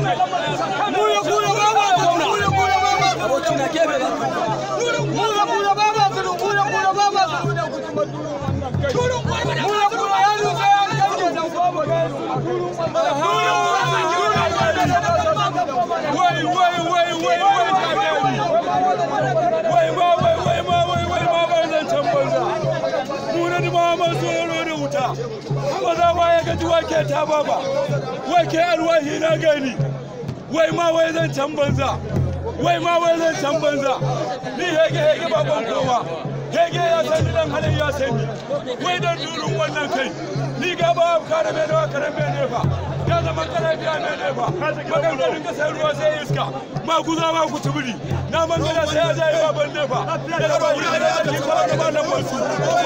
Mura kura ba ba ta wuta ba za ba ya gaji wake ta ba ba wake alwahi na gani wai ma wai zan can banza wai ma wai zan can banza ni hege hege ba ban kowa hege ya san ni dan halin ya san ni wai dan durun wannan kai ni ga ba kare mai dawa karen me ne fa ya zama kare biya me ne fa da ka sai ruwa sai iska ma guza ma ku tubiri na mangana sai ya zai ba ban ne fa daga ba wuri da ya zai ba na wasu